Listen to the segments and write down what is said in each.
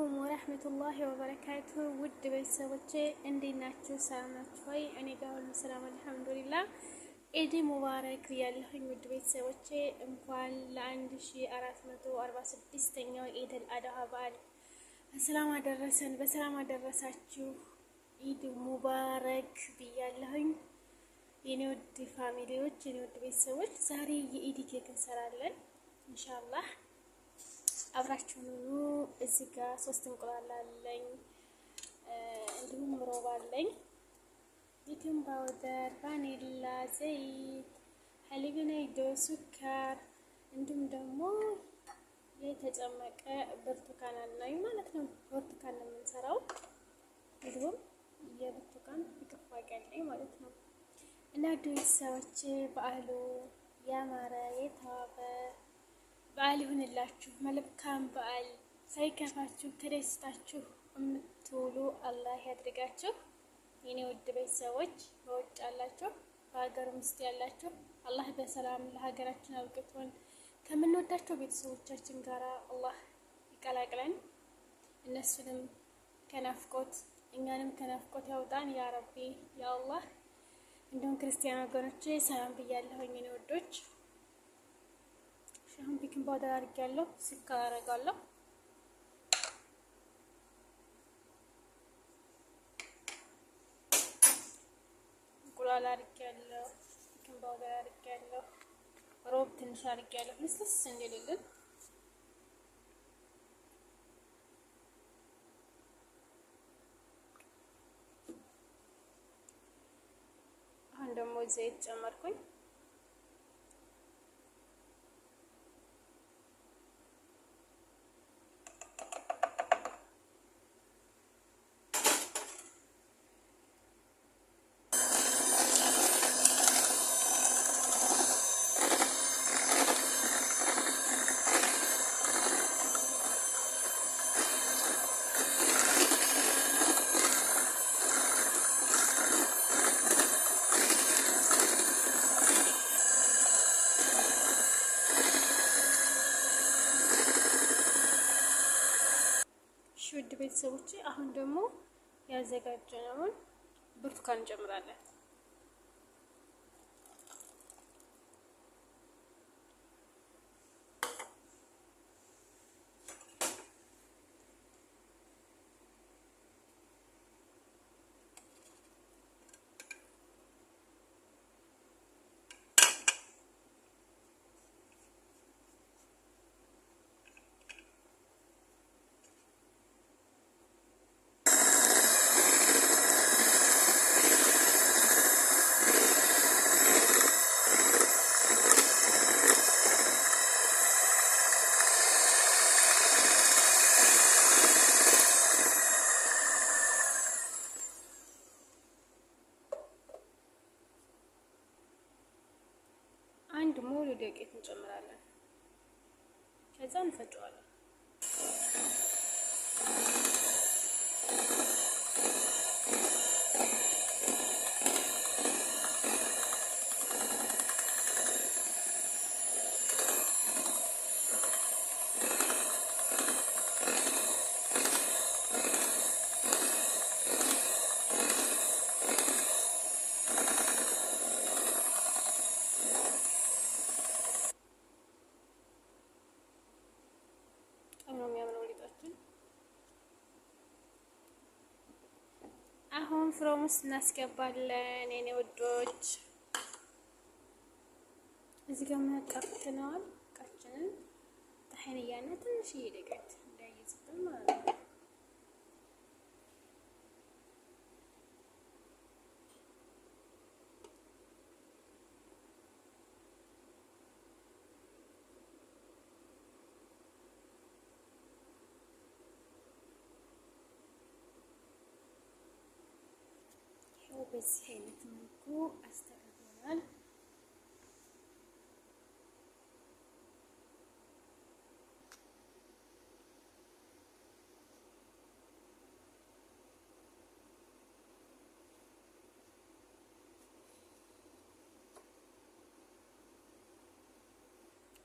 አለይኩም ወረህመቱላሂ ወበረካቱ ውድ ቤተሰቦቼ እንዴት ናችሁ? ሰላም ናችሁ ወይ? እኔ ጋር ሁሉ ሰላም አልሐምዱሊላ። ኢድ ሙባረክ ያለሁኝ ውድ ቤተሰቦቼ እንኳን ለ1446ኛው ኢድ አል አድሃ በዓል በሰላም አደረሰን፣ በሰላም አደረሳችሁ። ኢድ ሙባረክ ብያለሁኝ የኔ ውድ ፋሚሊዎች፣ የኔ ውድ ቤተሰቦች ዛሬ የኢድ ኬክ እንሰራለን ኢንሻአላህ አብራችሁ ኑ። እዚህ ጋር ሶስት እንቁላል አለኝ፣ እንዲሁም ሮብ አለኝ። ቤኪንግ ፓውደር፣ ቫኒላ፣ ዘይት፣ ሀሊብናይዶ፣ ሱካር እንዲሁም ደግሞ የተጨመቀ ብርቱካን አለኝ ማለት ነው። ብርቱካን ነው የምንሰራው። እንዲሁም የብርቱካን ፍቅፋቂ አለኝ ማለት ነው እና ዱይ ሰዎች በዓሉ ያማረ የተዋበ በዓል ይሁንላችሁ። መልካም በዓል ሳይከፋችሁ ተደስታችሁ የምትውሉ አላህ ያድርጋችሁ። የኔ ውድ ቤተሰቦች በውጭ አላችሁ፣ በሀገር ውስጥ ያላችሁ አላህ በሰላም ለሀገራችን አብቅቶን ከምንወዳቸው ቤተሰቦቻችን ጋር አላህ ይቀላቅለን። እነሱንም ከናፍቆት እኛንም ከናፍቆት ያውጣን። ያ ረቢ ያ አላህ። እንዲሁም ክርስቲያን ወገኖች ሰላም ብያለሁኝ የኔ ውዶች ቤኪንግ ፓውደር አድርጌያለሁ። ስኳር አደርጋለሁ። እንቁላል አድርጌያለሁ። ቤኪንግ ፓውደር አድርጌያለሁ። ሮብ ትንሽ አድርጌያለሁ ልስልስ እንዲልልን አሁን ደግሞ ዘይት ጨመርኩኝ። ቤተሰቦቼ አሁን ደግሞ ያዘጋጀነውን ብርቱካን እንጨምራለን። ሙሉ ዱቄት እንጨምራለን። ከዛ እንፈጨዋለን። ፍሮም ውስጥ እናስገባለን። የኔ ውዶች እዚህ ጋር ምናቀርትነዋል ቃችንን ታህንያና ትንሽዬ ዱቄት እንዳይዝብን ማለት ነው። በዚህ አይነት መልኩ አስተካክለናል።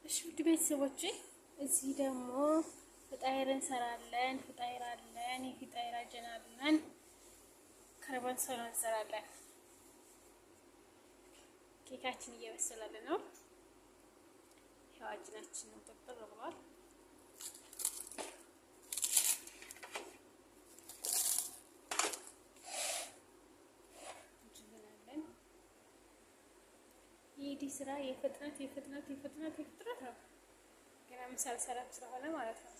እሺ ውድ ቤተሰቦች እዚህ ደግሞ ፍጣይር እንሰራለን። ፍጣይር አለን። የፍጣይር አጀን አለን። ከርቦን ሰው እንሰራለን። ኬካችን እየበሰለልን ነው። ያው ነው ጥብጥር ብሏል። ይህ ስራ የፍጥነት የፍጥነት የፍጥነት የፍጥነት ነው። ገና ምሳል ሰላት ስለሆነ ማለት ነው።